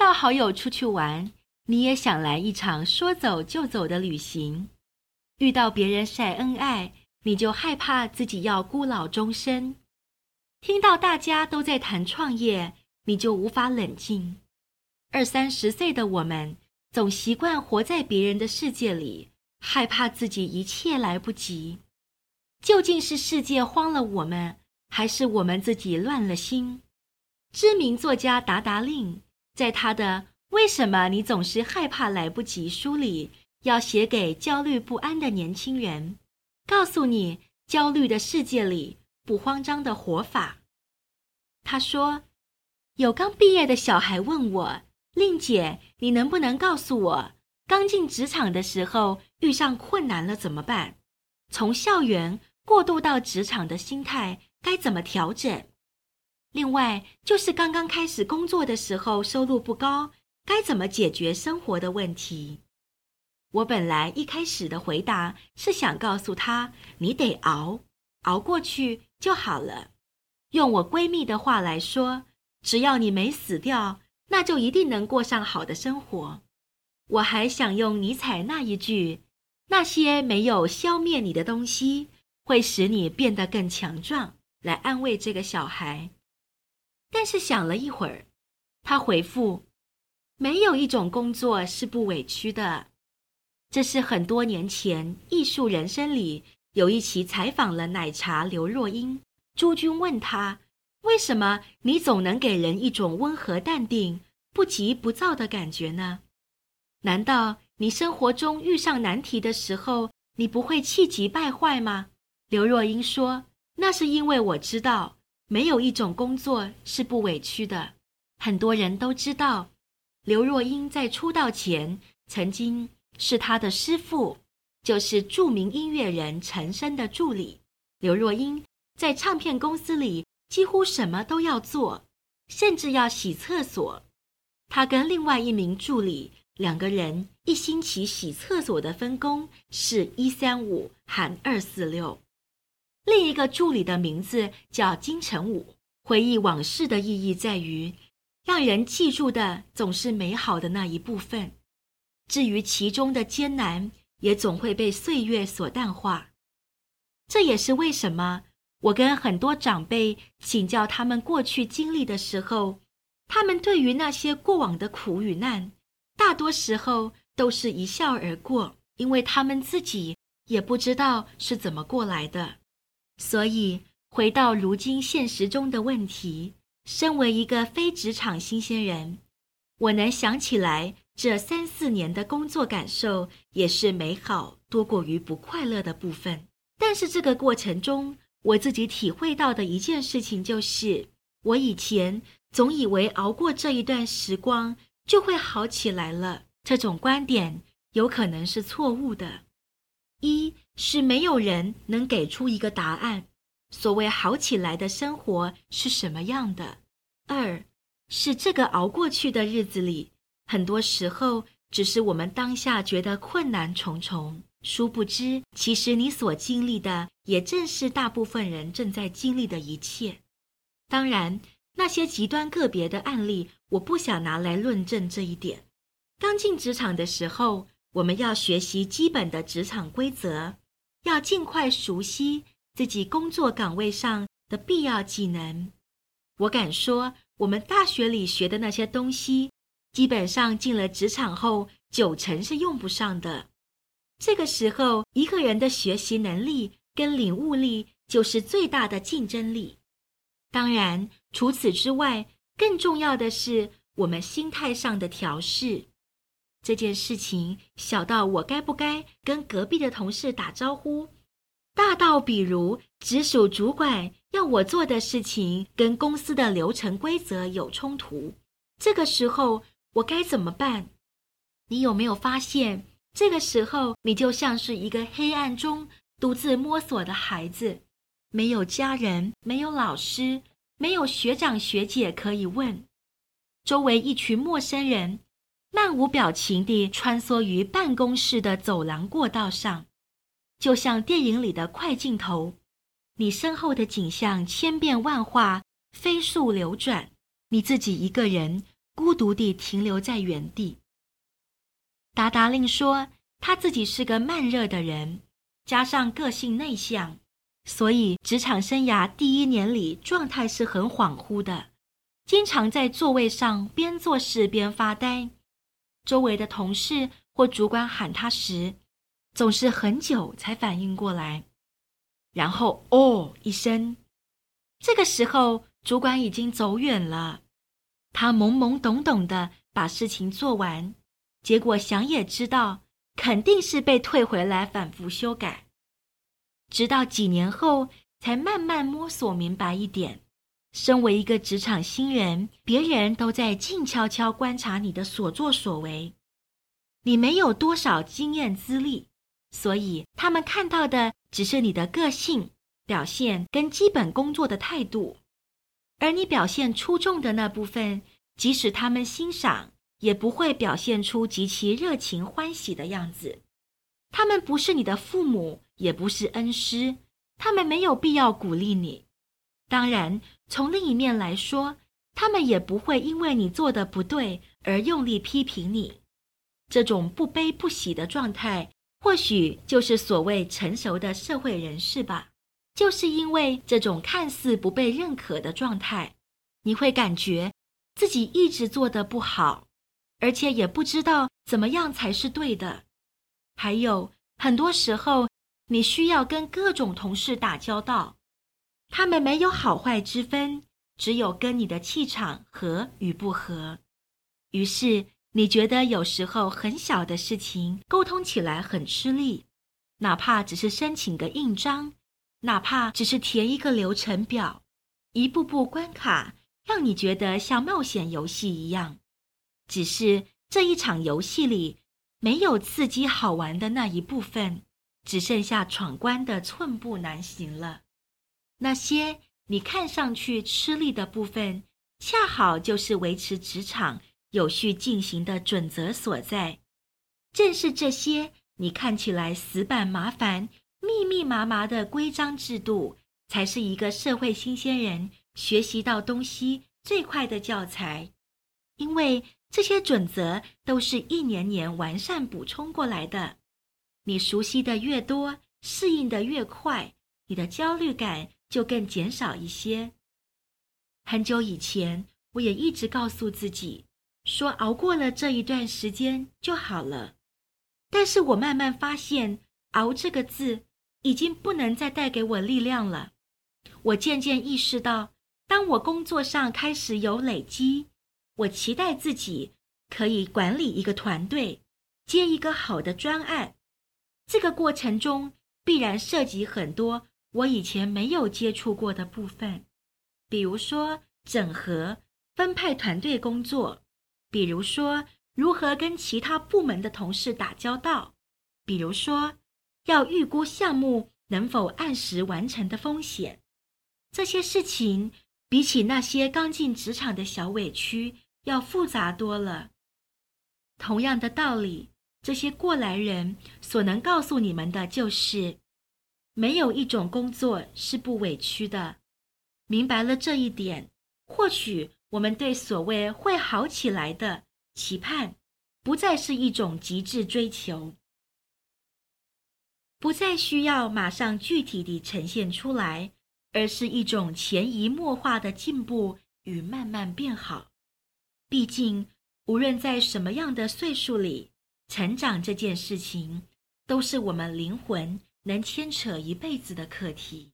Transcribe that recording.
到好友出去玩，你也想來一場說走就走的旅行；遇到別人曬恩愛，你就害怕自己要孤老終身；聽到大家都在談創業，你就無法冷靜。二三十歲的我們，總習慣活在別人的世界裡，害怕自己一切來不及。究竟是世界慌了我們，還是我們自己亂了心？知名作家達達令。在他的《為什麼你總是害怕來不及》書裡，要寫給焦慮不安的年輕人，告訴你焦慮的世界裡不慌張的活法。他說，有剛畢業的小孩問我：“令姐，你能不能告訴我，剛進職場的時候遇上困難了怎麼辦？從校園過渡到職場的心態該怎麼調整？”另外，就是剛剛開始工作的時候，收入不高，該怎麼解決生活的問題？我本來一開始的回答是想告訴他：“你得熬，熬過去就好了。”用我閨蜜的話來說：“只要你沒死掉，那就一定能過上好的生活。”我還想用尼采那一句：“那些沒有消滅你的東西，會使你變得更強壯。”來安慰這個小孩。但是想了一會兒，他回復：“沒有一種工作是不委屈的。”這是很多年前《藝術人生》裡有一期採訪了奶茶劉若英。朱軍問他：“為什麼你總能給人一種溫和、淡定、不急不躁的感覺呢？難道你生活中遇上難題的時候，你不會氣急敗壞嗎？”劉若英說：“那是因為我知道。”沒有一種工作是不委屈的。很多人都知道，劉若英在出道前曾經是她的師傅，就是著名音樂人陳升的助理。劉若英在唱片公司裡幾乎什麼都要做，甚至要洗廁所。她跟另外一名助理兩個人一星期洗廁所的分工是一三五和二四六。另一個助理的名字叫金城武。回憶往事的意義在於，讓人記住的總是美好的那一部分，至於其中的艱難，也總會被歲月所淡化。這也是為什麼我跟很多長輩請教他們過去經歷的時候，他們對於那些過往的苦與難，大多時候都是一笑而過，因為他們自己也不知道是怎麼過來的。所以，回到如今現實中的問題，身為一個非職場新鮮人，我能想起來這三四年的工作感受，也是美好多過於不快樂的部分。但是這個過程中，我自己體會到的一件事情就是，我以前總以為熬過這一段時光就會好起來了，這種觀點有可能是錯誤的。一是沒有人能給出一個答案，所謂好起來的生活是什麼樣的；二是這個熬過去的日子裡，很多時候只是我們當下覺得困難重重，殊不知，其實你所經歷的，也正是大部分人正在經歷的一切。當然，那些極端個別的案例，我不想拿來論證這一點。剛進職場的時候，我們要學習基本的職場規則，要盡快熟悉自己工作崗位上的必要技能。我敢說，我們大學裡學的那些東西，基本上進了職場後九成是用不上的。這個時候，一個人的學習能力跟領悟力就是最大的競爭力。當然，除此之外，更重要的是我們心態上的調試。這件事情小到我該不該跟隔壁的同事打招呼，大到比如直屬主管要我做的事情跟公司的流程規則有衝突，這個時候我該怎麼辦？你有沒有發現，這個時候你就像是一個黑暗中獨自摸索的孩子，沒有家人，沒有老師，沒有學長學姐可以問，周圍一群陌生人。漫無表情地穿梭於辦公室的走廊過道上，就像電影裡的快鏡頭。你身後的景象千變萬化，飛速流轉，你自己一個人孤獨地停留在原地。達達令說，他自己是個慢熱的人，加上個性內向，所以職場生涯第一年裡狀態是很恍惚的，經常在座位上邊做事邊發呆。周圍的同事或主管喊他時，總是很久才反應過來，然後“哦”一聲。這個時候，主管已經走遠了。他懵懵懂懂地把事情做完，結果想也知道，肯定是被退回來反覆修改，直到幾年後才慢慢摸索明白一點。身為一個職場新人，別人都在靜悄悄觀察你的所作所為。你沒有多少經驗資歷，所以他們看到的只是你的個性表現跟基本工作的態度。而你表現出眾的那部分，即使他們欣賞，也不會表現出極其熱情歡喜的樣子。他們不是你的父母，也不是恩師，他們沒有必要鼓勵你。當然，從另一面來說，他們也不會因為你做的不對而用力批評你。這種不悲不喜的狀態，或許就是所謂成熟的社會人士吧。就是因為這種看似不被認可的狀態，你會感覺自己一直做的不好，而且也不知道怎麼樣才是對的。還有，很多時候，你需要跟各種同事打交道。他們沒有好壞之分，只有跟你的氣場合與不合。於是你覺得有時候很小的事情溝通起來很吃力，哪怕只是申請個印章，哪怕只是填一個流程表，一步步關卡讓你覺得像冒險遊戲一樣。只是這一場遊戲裡沒有刺激好玩的那一部分，只剩下闖關的寸步難行了。那些你看上去吃力的部分，恰好就是維持職場有序進行的準則所在。正是這些你看起來死板、麻煩、密密麻麻的規章制度，才是一個社會新鮮人學習到東西最快的教材。因為這些準則都是一年年完善補充過來的，你熟悉的越多，適應的越快，你的焦慮感。就更減少一些。很久以前，我也一直告訴自己說，熬過了這一段時間就好了。但是我慢慢發現，“熬”這個字已經不能再帶給我力量了。我漸漸意識到，當我工作上開始有累積，我期待自己可以管理一個團隊，接一個好的專案。這個過程中，必然涉及很多。我以前沒有接觸過的部分，比如說整合、分派團隊工作，比如說如何跟其他部門的同事打交道，比如說要預估項目能否按時完成的風險，這些事情比起那些剛進職場的小委屈要複雜多了。同樣的道理，這些過來人所能告訴你們的就是。沒有一種工作是不委屈的，明白了這一點，或許我們對所謂會好起來的期盼，不再是一種極致追求，不再需要馬上具體的呈現出來，而是一種潛移默化的進步與慢慢變好。畢竟，無論在什麼樣的歲數裡，成長這件事情，都是我們靈魂。能牽扯一輩子的課題。